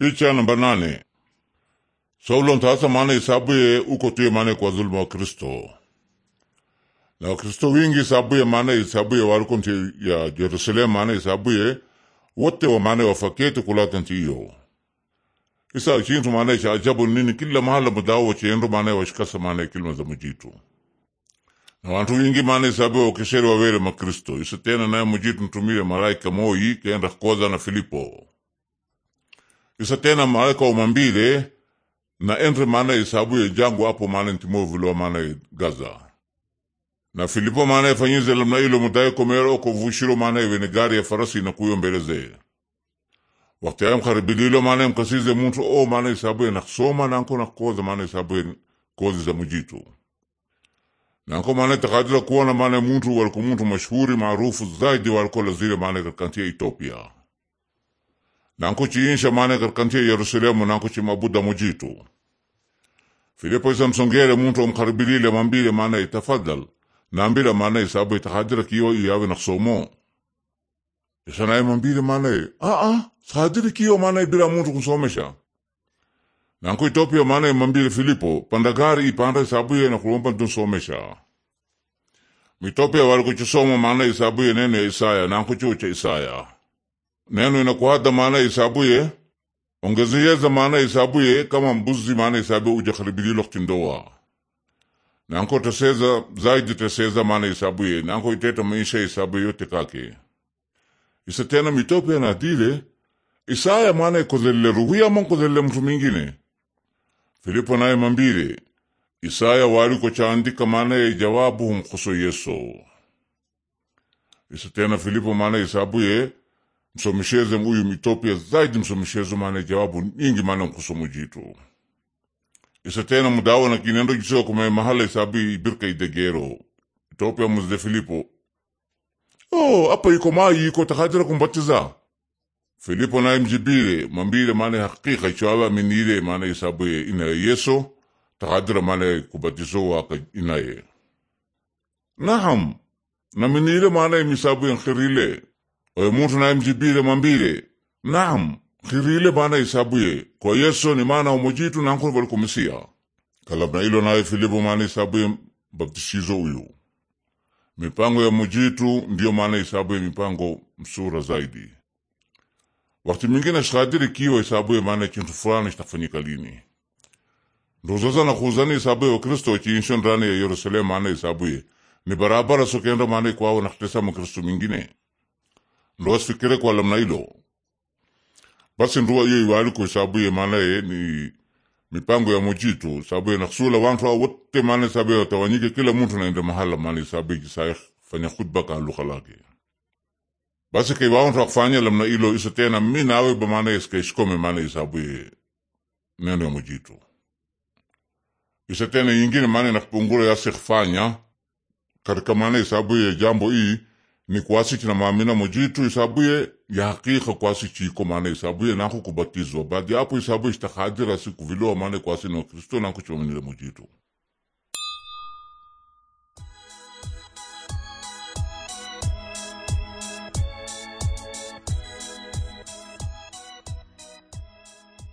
Picha namba nane. Saulo ntasa maana isabuye uko tuye mane kwa dhuluma wa Kristo na Kristo wingi isabuye isabu isabuye waruko nti ya Jerusalemu maana isabuye wote wa mane wafakete kulata nti iyo isa ishintu mane isa ajabu nini kila mahala mudawo wachendu maana washikasa mane kilima za mujitu na wantu wingi maana isabuye wakeseri wawele makristo isa tena naye mujitu ntumile malaika moyi kenda koza na Filipo isa tena malaika umambile na enre isabu ya jangu apo manaye ntimovulua manaye gaza na filipo manaye fanyize lamna ilo mudaye komero vushiro manaye wene gari ya farasi na kuyo mbeleze wakati aye mkaribililo manaye mkasize muntu o isabu ya naksoma nanko nakoza isabu ya kozi za mujitu nanko manaye takadira kuona manaye muntu walikumuntu mashhuri maarufu zaidi walikola lazire manaye katika ya ethiopia nankuchiinsha maana karikantia yerusalemu mabuda mujitu filipo isamsongele muntu omkaribilile mambile mana itafadhal nambila mana isabu itahadira kiyo iyawe isa isanaye mambile mana aa sahadira kiyo mana bila muntu kusomesha nanku itopia mana mambile filipo pandagari ipanda isabuye nakulomba ntunsomesha mitopia walikuchisoma maana isabuye nene ya isaya ucha isaya neno inakuhada maana isabuye ongezeyeza maana isabuye kama mbuzi maana isabuye ujakaribililoktindowa nanko teseza zaidi teseza maana isabuye nanko iteta maisha isabuye yote kake isa tena na dile isaya maana ikozelle ruhuya ama nkozelle mtu mingine filipo naye mambile isaya waliko chaandika maana ya ijawabu humkoso yeso isa tena filipo maana isabuye msomesheze uyu mitopia zaidi msomesheze maana jawabu nyingi maana mkusumu jitu isa tena mudawa na kinendo jisio kuma mahala isabi birka idegero ethiopia muzde filipo oh apa iko maa yiko takatira kumbatiza filipo naye mjibile mambile maana hakika chawa minile maana isabu ina yeso takatira maana kubatizo waka inaye naham na minile maana misabu yankirile muntu mjibile mwambile naam khirile mana isabuye kwa yeso ni mana umujitu nankuni valikumisia kalabna ilo naye filipo mana isabuye mbaptishizo uyu mipango ya mujitu ndiyo maana isabuye mipango msura zaidi wakati mingine shikadiri kiwa isabuye maana chintu fulani chitafanyika lini nduzaza nakuzani isabuye wakristo chiinsho ndani ya yerusalemu maana isabuye ni barabara sokenda maana ikwawo nakhtesa mukristo mingine lowasikire kwa lamna ilo basi ndua iyo iwaliko sabuye maanaye ni mipango ya mujitu sabuye nakusula wantu a wote maana sabuye watawanyike kila muntu naende mahala maana sabuye kisaya fanya khutba ka kaluka lake basi kei wawantu akufanya lamna ilo isa tena minawe ba maana iskaishikome maana ye nendo ya mujitu isa tena yingine maana nakupungula yasikhfanya katika maana ye jambo ii ni kwasi china mamina mojitu isabuye ya hakika kwasi chiko maana isabuye nako kubatizwa baada hapo isabu istakadira siku vilo maana kwasi na no Kristo nako chomenile mojitu